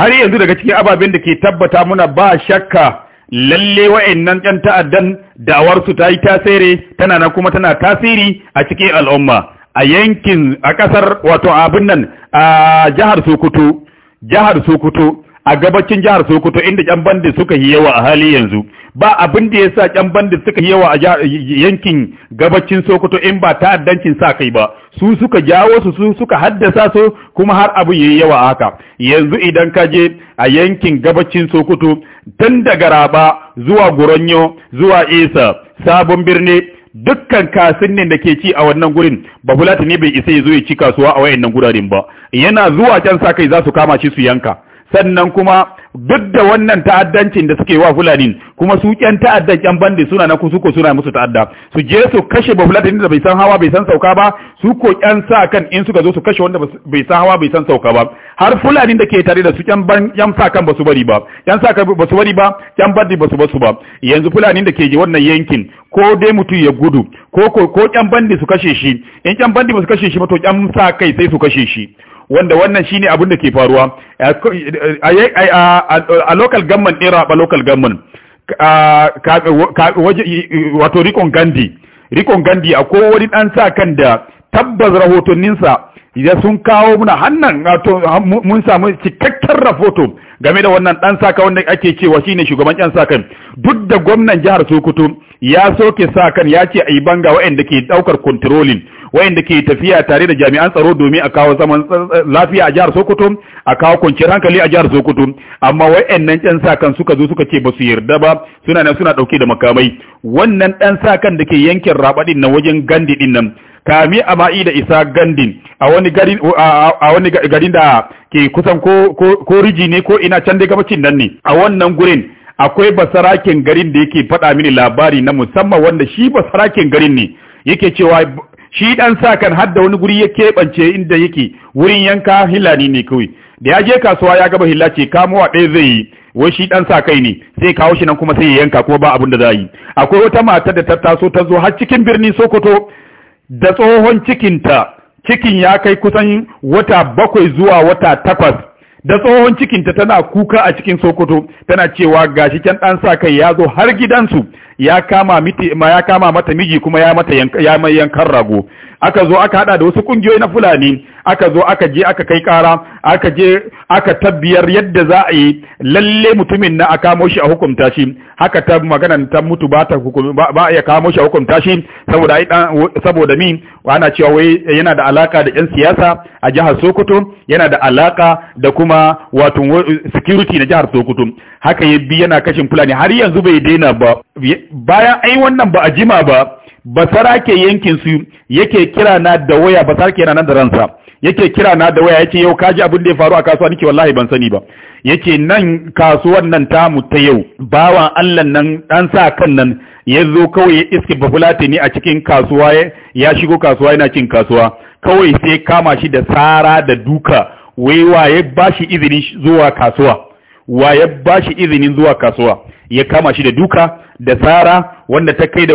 har yanzu daga cikin ababen da ke tabbata muna ba shakka lalle wa'annan ƴan ta'addan da'awar su ta yi tasiri tana nan kuma tana tasiri a cikin al'umma a yankin a ƙasar wato abin nan a jihar Sokoto jihar Sokoto a gabacin jihar Sokoto inda ƴan bandit suka yi yawa a hali yanzu ba abin da yasa ƴan bandit suka yi yawa a yankin gabacin Sokoto in ba ta'addancin sa kai ba su suka jawo su su suka haddasa su kuma har abin yayi yawa haka yanzu idan ka je a yankin gabacin Sokoto tun daga Raba zuwa Goronyo zuwa Isa sabon birni dukkan kasin da ke ci a wannan gurin ba fulata ne bai isa ya zo ya ci kasuwa a wayannan guraren ba yana zuwa can sa kai za su kama shi su yanka sannan kuma duk da wannan ta'addancin da suke wa fulani kuma su ƴan ta'addan ƴan bandi suna na kusuko suna musu ta'adda su je su kashe ba fulani da bai san hawa bai san sauka ba su ko ƴan sa kan in suka zo su kashe wanda bai san hawa bai san sauka ba har fulani da ke tare da su ƴan ban ƴan sa kan basu bari ba ƴan sa kan basu bari ba ƴan bandi basu basu ba yanzu fulani da ke je wannan yankin ko dai mutu ya gudu ko ko ƴan bandi su kashe shi in ƴan bandi ba su kashe shi ba to ƴan sa kai sai su kashe shi wanda wannan shine abin da ke faruwa a local government din raba local government wato rikon gandi rikon gandi a wani dan sa kan da tabbas rahotanninsa idan sun kawo muna hannan mun samu cikakken rahoto game da wannan dan saka wanda ake cewa shine shugaban ƴan sakan duk da gwamnan jihar Sokoto ya soke sakan ya ce a yi banga waɗanda ke ɗaukar controlling wayanda ke tafiya tare da jami'an tsaro domin a kawo zaman eh, lafiya a jihar Sokoto a kawo kwanciyar hankali a jihar Sokoto amma wayannan ɗan sa kan suka zo suka ce ba su yarda ba suna nan suna ɗauke da makamai wannan ɗan sa kan da ke yankin rabadin na wajen gandi din nan kami a ma'i da isa gandin a wani garin da ke kusan ko ko riji ne ko ina can da gabacin nan ne a wannan gurin akwai basarakin garin da yake faɗa mini labari na musamman wanda shi basarakin garin ne yake cewa shi dan sa kan hadda wani guri ya keɓance inda yake wurin yanka hilani ne kawai da ya je kasuwa ya gaba hila ce a ɗaya zai yi wai shi dan sa kai ne sai kawo shi nan kuma sai ya yanka kuma ba abin da za yi akwai wata mata da ta taso ta zo har cikin birni Sokoto da tsohon cikinta cikin ya kai kusan wata bakwai zuwa wata takwas da tsohon cikinta tana kuka a cikin Sokoto tana cewa gashi can dan sa kai ya zo har gidansu ya kama miti ma ya kama mata miji kuma ya mata ya mai yankan rago aka zo aka hada da wasu kungiyoyi na fulani aka zo aka je aka kai kara aka je aka tabbiyar yadda za a yi lalle mutumin na a kamo shi a hukunta shi haka ta magana ta mutu ba ta ba ya kamo shi a hukunta shi saboda ai dan saboda min ana cewa wai yana da alaka da yan siyasa a jihar Sokoto yana da alaka da kuma wato security na jihar Sokoto haka ya yana kashin fulani har yanzu bai daina ba bayan ai wannan ba a jima ba basarake yankin su yake kira na da waya ba sarake yana nan da ransa yake kira na da waya yace yau ka ji abin da ya faru a kasuwa nake wallahi ban sani ba yace nan kasuwar nan ta mu ta yau bawan Allah nan dan sa kan nan ya zo kawai ya iske bafulati ne a cikin kasuwa ya shigo kasuwa yana cin kasuwa kawai sai kama shi da tsara da duka wai waye ba shi izinin zuwa kasuwa waye ba izinin zuwa kasuwa ya kama shi da duka da tsara wanda ta kai da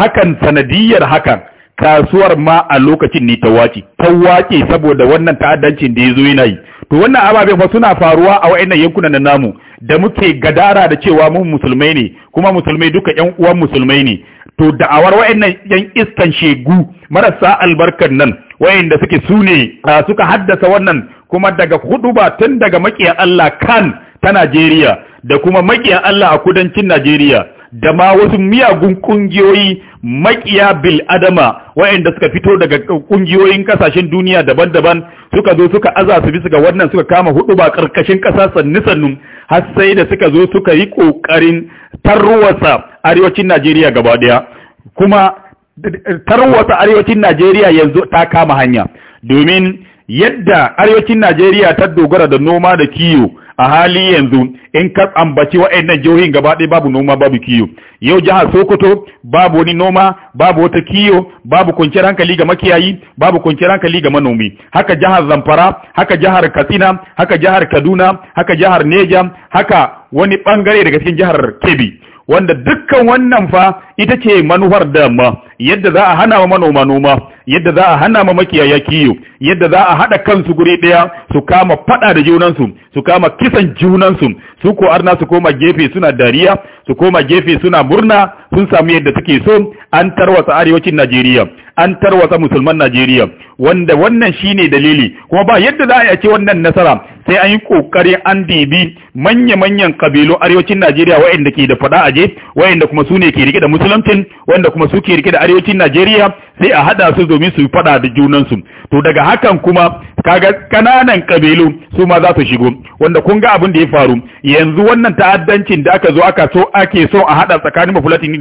hakan sanadiyar hakan kasuwar ma a lokacin ne ta wace ta wace saboda wannan ta'addancin da ya zo yana yi to wannan ababen fa suna faruwa a wayannan yankunan namu da muke gadara da cewa mu musulmai ne kuma musulmai duka yan uwan musulmai ne to da'awar wayannan yan iskan shegu marasa albarkar nan wayanda suke sune suka haddasa wannan kuma daga hudu ba tun daga makiya Allah kan ta Najeriya da kuma makiya Allah a kudancin Najeriya da ma wasu miyagun ƙungiyoyi maƙiya bil adama waɗanda suka fito daga ƙungiyoyin ƙasashen duniya daban-daban suka zo suka aza su bisa ga wannan suka kama hudu ba karkashin kasa sannu sannu har sai da suka zo suka yi kokarin tarwasa arewacin Najeriya gaba daya kuma tarwasa arewacin Najeriya yanzu ta kama hanya domin yadda arewacin Najeriya ta dogara da noma da kiwo a hali yanzu in ka ambaci wa'annan jihohin gaba ɗaya babu noma babu kiyo yau jihar Sokoto babu wani noma babu wata kiyo babu kwanciyar hankali ga makiyayi babu kwanciyar hankali ga manomi haka jihar Zamfara haka jihar Katsina haka jihar Kaduna haka jihar Neja haka wani bangare daga cikin jihar Kebbi wanda dukkan wannan fa ita ce manufar da ma yadda za a hana ma manoma noma yadda za a hana ma makiyaya kiyo yadda za a hada kansu guri daya su kama fada da junansu su kama kisan junansu su ko arna su koma gefe suna dariya su koma gefe suna murna sun samu yadda suke so an tarwasa arewacin Najeriya an tarwasa musulman Najeriya wanda wannan shine dalili kuma ba yadda za a ce wannan nasara sai an yi kokari an dibi manya-manyan kabilu arewacin Najeriya waɗanda ke da fada aje waɗanda kuma su ne ke rike da musulunci waɗanda kuma su ke rike da arewacin Najeriya sai a hada su domin su fada da junansu to daga hakan kuma kaga kananan kabilu su ma za su shigo wanda kun ga abin da ya faru yanzu wannan ta'addancin da aka zo aka so ake so a hada tsakanin mafulatin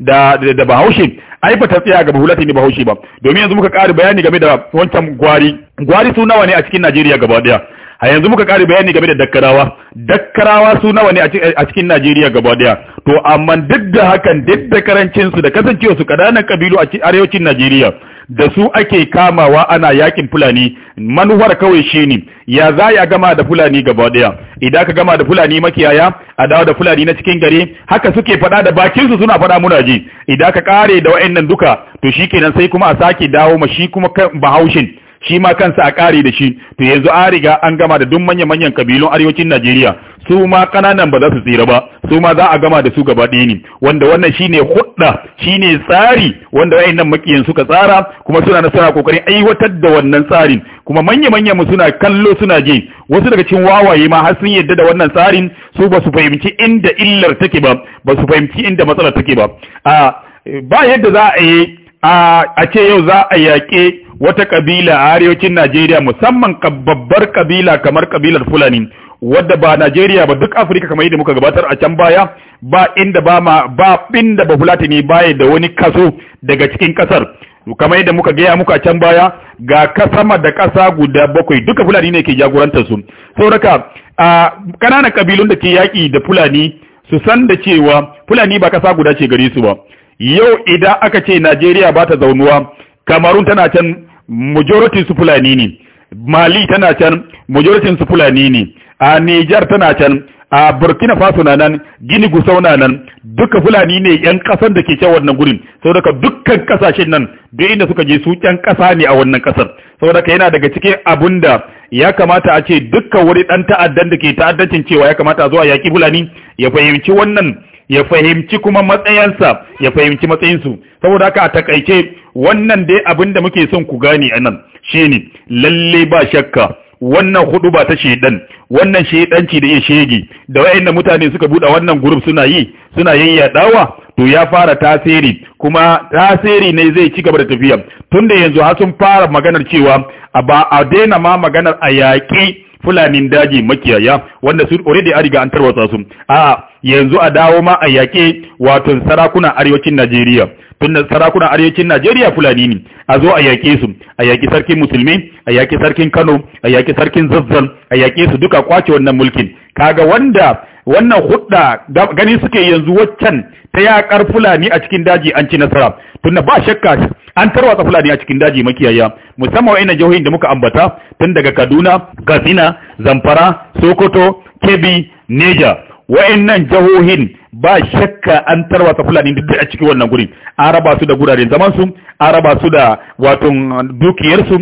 da da Bahaushe ai ba ta tsaya ga mafulatin Bahaushe ba domin yanzu muka ƙara bayani game da wancan gwari gwari su nawa ne a cikin Najeriya gaba daya a yanzu muka kare bayani game da dakkarawa dakkarawa su nawa ne a cikin Najeriya gaba daya to amma duk da hakan duk da karancin su da kasancewa su kananan kabilu a arewacin Najeriya da su ake kamawa ana yakin fulani manuwar kawai shi ne ya za ya gama da fulani gaba daya idan ka gama da fulani makiyaya a dawo da fulani na cikin gari haka suke faɗa da bakinsu su suna fada muna ji idan ka kare da wa'annan duka to shikenan sai kuma a sake dawo ma shi kuma bahaushin shi ma kansa a ƙare da shi to yanzu an riga an gama da duk manya-manyan kabilun arewacin Najeriya su ma kananan ba za su tsira ba su ma za a gama da su gaba ɗaya ne wanda wannan shine hudda shine tsari wanda wayannan makiyan suka tsara kuma suna na suna kokarin aiwatar da wannan tsarin kuma manya-manya mu suna kallo suna je wasu daga cikin wawaye ma har sun yadda da wannan tsarin su ba su fahimci inda illar take ba ba su fahimci inda matsalar take ba a ba yadda za a yi a ce yau za a yaƙe wata kabila a arewacin Najeriya musamman babbar kabila kamar kabilar Fulani wadda ba Najeriya ba duk Afirka kamar yadda muka gabatar a can baya ba inda ba ma ba inda ba Fulatani baye da wani kaso daga cikin kasar kamar yadda muka gaya muka can baya ga sama da kasa guda bakwai duka Fulani ne ke jagorantar su sauraka a kananan kabilun da ke yaƙi da Fulani su san da cewa Fulani ba kasa guda ce gare su ba yau idan aka ce Najeriya ba ta zaunuwa Kamarun tana can majority su Fulani ne Mali tana can majority su Fulani ne a nijar tana can a Burkina Faso na nan Gini Gusau na nan duka Fulani ne yan ƙasar da ke can wannan gurin daga dukkan kasashen nan duk inda suka je su yan kasa ne a wannan kasar daga yana daga cikin da ya kamata a ce dukkan wuri ɗan ta'addan da ke ta'addancin cewa ya kamata zuwa yaƙi Fulani ya fahimci wannan ya fahimci kuma matsayinsa ya fahimci matsayinsu saboda haka a takaice wannan dai abin da muke son ku gane a nan ne lalle ba shakka wannan hudu ba ta shaidan, wannan shaidanci da ya shege da wayannan mutane suka buɗe wannan gurup suna yi suna yayyadawa to ya fara tasiri kuma tasiri ne zai ci gaba da tafiya tunda yanzu har sun fara maganar cewa a ba a daina ma maganar a yaƙi fulanin daji makiyaya wanda su already an riga an tarwatsa su a'a. yanzu a dawo ma a yaƙe wato sarakunan arewacin Najeriya tun sarakunan arewacin Najeriya Fulani ne a zo a yaƙe su a yaƙi sarkin musulmi a yaƙi sarkin Kano a yaƙi sarkin Zazzal a yaƙe su duka kwace wannan mulkin kaga wanda wannan hudda gani suke yanzu waccan ta yakar fulani a cikin daji an ci nasara tunda ba shakka an tarwatsa fulani a cikin daji makiyaya musamman wa'ina jihohin da muka ambata tun daga Kaduna Katsina Zamfara Sokoto Kebbi Niger wa'annan jahohin ba shakka an tarwata fulani da a cikin wannan guri an raba su da guraren zaman su an raba su da wato uh, dukiyar su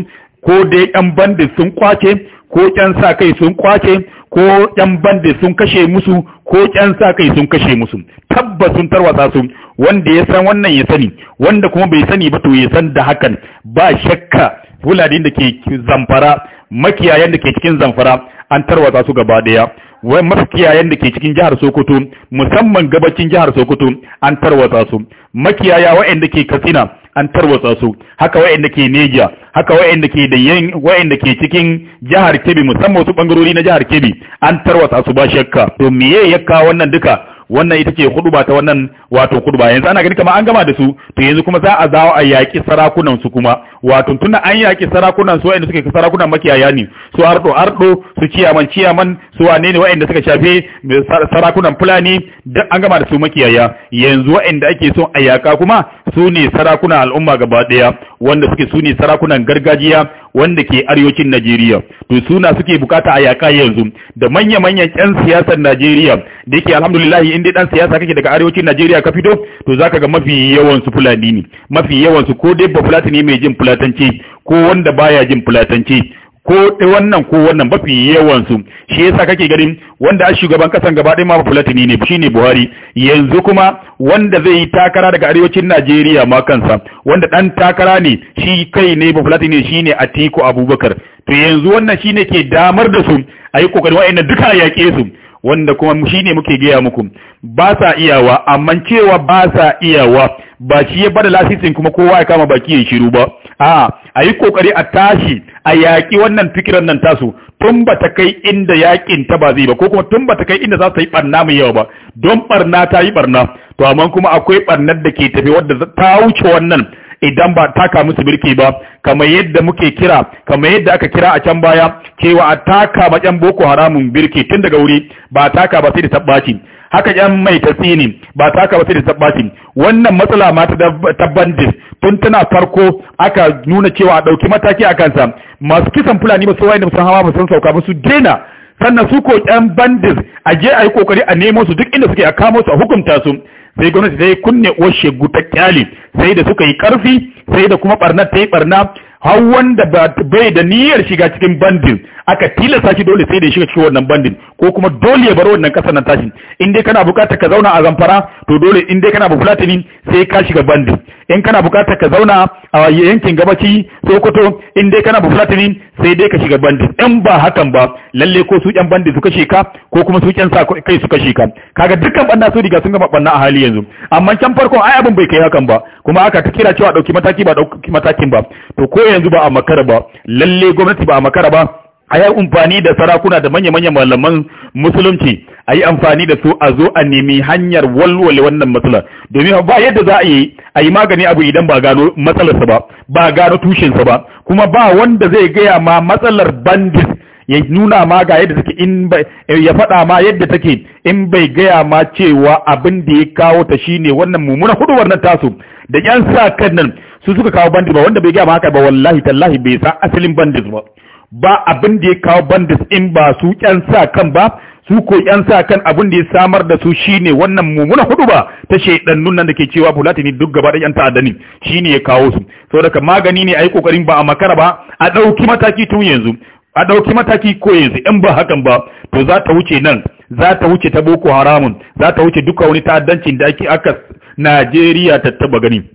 ko dai yan bandit sun kwace ko yan sa kai sun kwace ko yan bandit sun kashe musu ko yan sa kai sun kashe musu tabbas sun tarwata su wanda ya san wannan ya sani wanda kuma bai sani ba to ya san da hakan ba shakka fulani da ke zamfara makiyayan da ke cikin zamfara an tarwata su gaba daya makiyayan da ke cikin jihar Sokoto musamman gabacin jihar Sokoto an tarwatsa su makiyaya waɗanda ke Katsina an tarwatsa su haka waɗanda ke Neja haka waɗanda ke da Dayen waɗanda ke cikin jihar Kebbi musamman su bangarori na jihar Kebbi an tarwatsa su ba shakka to meye ya kawo wannan duka wannan ita ce huduba ta wannan wato huduba yanzu ana gani kamar an gama da su to yanzu kuma za a zawo a yaƙi sarakunan su kuma wato tunda an yaƙi sarakunan su wa'anda suke sarakunan makiyaya ne su ardo ardo su ciyaman ciyaman su wane ne waɗanda suka shafe sarakunan fulani duk an gama da su makiyaya yanzu waɗanda ake son a yaka kuma su ne sarakunan al'umma gaba ɗaya wanda suke su ne sarakunan gargajiya wanda ke arewacin Najeriya to suna suke bukata a yaka yanzu da manya-manyan ƴan siyasar Najeriya da yake alhamdulillah in dai dan siyasa kake daga arewacin Najeriya ka fito to zaka ga mafi yawan su fulani ne mafi yawan su ko dai ba fulani ne mai jin fulatanci ko wanda baya jin fulatanci ko ɗai wannan ko wannan mafi yawansu shi yasa kake ganin wanda a shugaban kasan gaba ɗaya ma fulatini ne shi ne buhari yanzu kuma wanda zai yi takara daga arewacin najeriya ma kansa wanda ɗan takara ne shi kai ne fulatini shi ne atiku abubakar to yanzu wannan shi ke damar da su a yi ƙoƙarin duka ya yaƙe su wanda kuma shi muke gaya muku ba sa iyawa amma cewa ba sa iyawa ba shi ya bada lasisin kuma kowa ya kama baki ya shiru ba a a yi kokari a tashi a yaƙi wannan fikiran nan tasu tun ba ta kai inda yaƙin ta ba zai ba ko kuma tun ba ta kai inda za ta yi ɓarna mai yawa ba don ɓarna ta yi ɓarna, to amma kuma akwai ɓarnar da ke tafi wadda ta wuce wannan idan ba taka musu birki ba kamar yadda muke kira kamar yadda aka kira a can baya cewa a taka ma yan boko haramun birki tun daga wuri ba taka ba sai da tabbaci haka yan mai tasini ba taka ba sai da tabbaci wannan matsala ma ta tabbandis tun tana farko aka nuna cewa a ɗauki mataki a kansa masu kisan fulani ba su wani musan hawa musan sauka ba su dena sannan su ko ƴan bandis a je a yi kokari a nemo su duk inda suke a kamo su a hukunta su sai gwamnati ta yi kunne washe guta kyali sai da suka yi karfi sai da kuma barna ta yi barna har wanda bai da niyyar shiga cikin bandin aka tilasta shi dole sai da shiga cikin wannan bandin ko kuma dole ya bar wannan kasar nan tashin in dai kana bukatar ka zauna a zamfara to dole in dai kana bufulatini sai ka shiga bandin in kana bukatar ka zauna a yankin gabaci sokoto in dai kana bufulatini sai dai ka shiga bandin in ba hakan ba lalle ko su yan bandin suka sheka ko kuma su ƴan sa kai suka Ka kaga dukkan banda su riga sun gama banna a hali yanzu amma can farkon ai abin bai kai hakan ba kuma aka ta kira cewa dauki mataki ba dauki matakin ba to ko yanzu ba a makara ba lalle gwamnati ba a makara ba a yi amfani da sarakuna da manya manya malaman musulunci a yi amfani da su a zo a nemi hanyar walwale wannan matsala domin ba yadda za a yi a yi magani abu idan ba gano matsalarsa ba ba gano tushensa ba kuma ba wanda zai gaya ma matsalar bandit ya nuna ma ga yadda take in ya faɗa ma yadda take in bai gaya ma cewa abin da ya kawo ta shine wannan mummunan huduwar nan tasu da yan sa kan nan su suka kawo bandit ba wanda bai gaya ma haka ba wallahi tallahi bai sa asalin bandit ba ba abin da ya kawo bandis in ba su ƴan sa kan ba su ko ƴan sa kan abin da ya samar da su shine wannan mummuna hudu ba ta shaidan nan da ke cewa ne duk gaba da ƴan ta'adda ne shine ya kawo su ka magani ne a yi kokarin ba a makara ba a ɗauki mataki tun yanzu a ɗauki mataki ko yanzu in ba hakan ba to za ta wuce nan za ta wuce ta boko haramun za ta wuce duka wani ta'addancin da ake aka Najeriya ta taba gani